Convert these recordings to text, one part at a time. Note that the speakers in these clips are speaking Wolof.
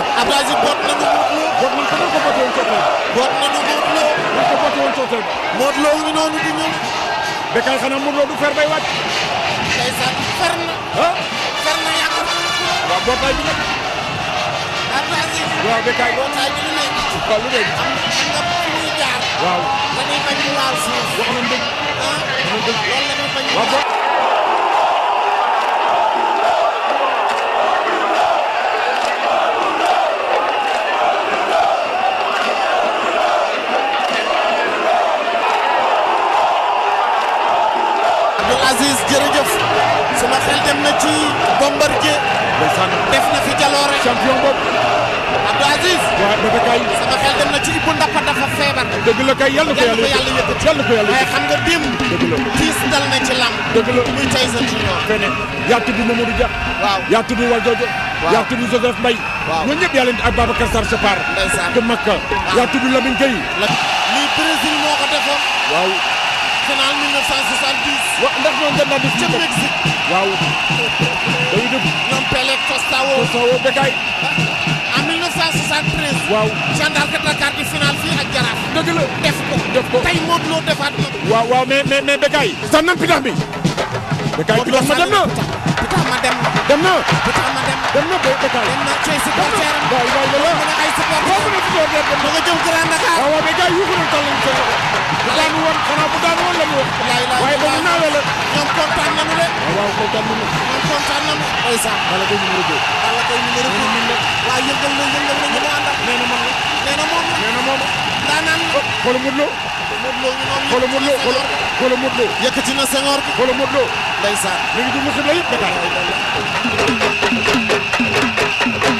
Abdoul Aziz boot na nu Modou Lo. boot nañ ko nan ko bootee woon Sokone. boot na nu Modou Lo. nañ ko bootee woon Sokone. Modou Lo ngi noonu di ñëw. Bécaye xanaa Modou Lo du fer bay wàcc. ndeysaan fer na. ah fer na yàqu. waaw bootaay bi nag. Abdoul Aziz. waaw Bécaye bootaay bi lu nekk. waaw lu nekk. am nga fu muy jaar. waaw dañuy bañ mu laal suuf. wax nañ dëgg. ah loolu la ñuy bañ. ndeysaan def na fi jaloore champion boobu Abdou Aziz waaw dafa kay sama xel dem na ci Ibou Ndapha dafa feebar dëgg la kay yàlla ko yàlla yëkkati yàlla ko yàlla waaye xam nga démb dëgg la tiis dal na ci làmb dëgg la muy tey sa ci ñoom fene yaa tudd Mamadou waaw yaa tudd ak Babacar Sarr Separ ndeysaan te Makka yaa tudd Lamine Gueye lii moo ko defoon ndax ñoo jënd na bis ci Mexique waaw. day dugg. ñoom Pele Kostaawo. Kostaawo Bekay. en 1973. waaw gendarme Dakar di final fii ak Jaraaf. dëgg la def ko. def ko tey Modou Lo defaat na. waaw waaw mais mais mais Bekay. sànnan pitax bi. Bekay pitax ma dem na. pitax ma dem na. dem na ba Dakar. dem na cay supporter am. waaw waaw waaw mën na ay supporter. waaw mën na supporter dem. nga jëm Grand Dakar. waaw waaw mais gars yi yu ko doon toll nii seen bu daanu woon xanaa bu daanu woon la mu wax. waaye ba mu naawee la. ñoom kontaan nañu de. waaw waaw kontaan nañu. ñoom kontaan nañu. ndeysaan. bala koy numéro deux. bala koy numéro deux. waaw yëngal na yëngal na ñu ko àndal. nee na moom la. nee na moom la. nee na moom la. daanaan. xoolu Modou Lo. Modou Lo ñu xoolu Modou Lo xoolu xoolu Modou Lo. yëkkati na Senghor bi. xoolu Modou Lo. ndeysaan. léegi du mu xib la yëpp Dakar. Thank you.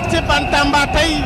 mbégte Bantamba tey